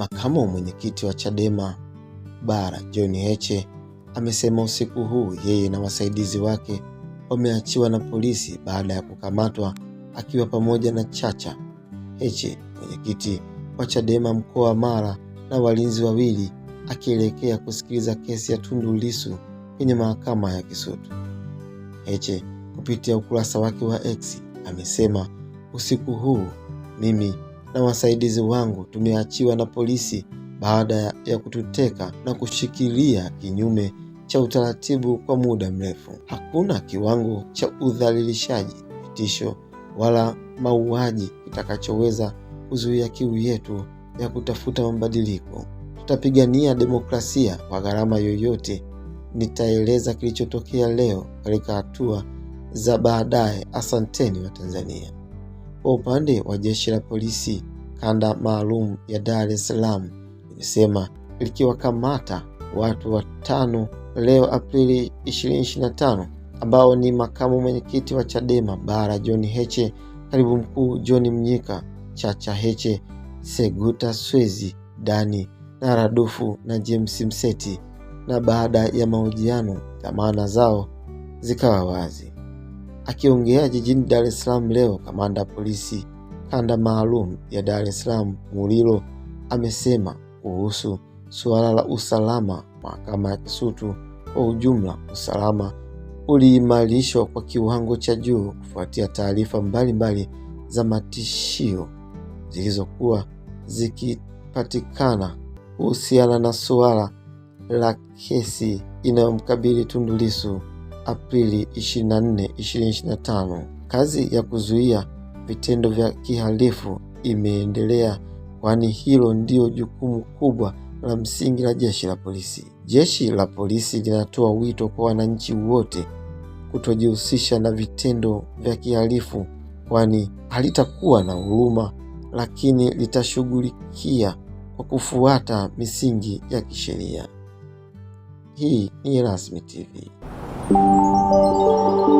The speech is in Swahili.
Makamu mwenyekiti wa Chadema Bara, John Heche amesema usiku huu yeye na wasaidizi wake wameachiwa na polisi baada ya kukamatwa akiwa pamoja na Chacha. Heche, mwenyekiti wa Chadema mkoa wa Mara, na walinzi wawili akielekea kusikiliza kesi ya Tundu Lissu kwenye mahakama ya Kisutu. Heche kupitia ukurasa wake wa X amesema usiku huu mimi na wasaidizi wangu tumeachiwa na polisi baada ya kututeka na kushikilia kinyume cha utaratibu kwa muda mrefu. Hakuna kiwango cha udhalilishaji, vitisho wala mauaji kitakachoweza kuzuia kiu yetu ya kutafuta mabadiliko. Tutapigania demokrasia kwa gharama yoyote. Nitaeleza kilichotokea leo katika hatua za baadaye. Asanteni Watanzania. Kwa upande wa jeshi la polisi kanda maalum ya Dar es Salaam limesema likiwakamata watu watano leo Aprili 2025 ambao ni makamu mwenyekiti wa Chadema Bara John Heche, katibu mkuu John Mnyika, Chacha Heche, Seguta Swezi Dani na Radufu na James Mseti, na baada ya mahojiano dhamana zao zikawa wazi. Akiongea jijini Dar es Salaam leo, kamanda polisi kanda maalum ya Dar es Salaam Mulilo amesema kuhusu suala la usalama mahakama ya Kisutu kwa ujumla, usalama uliimarishwa kwa kiwango cha juu kufuatia taarifa mbalimbali za matishio zilizokuwa zikipatikana kuhusiana na suala la kesi inayomkabili Tundu Lissu Aprili 24, 2025. Kazi ya kuzuia vitendo vya kihalifu imeendelea kwani hilo ndio jukumu kubwa la msingi la jeshi la polisi. Jeshi la polisi linatoa wito kwa wananchi wote kutojihusisha na vitendo vya kihalifu, kwani halitakuwa na huruma, lakini litashughulikia kwa kufuata misingi ya kisheria. Hii ni Erasmi TV. Música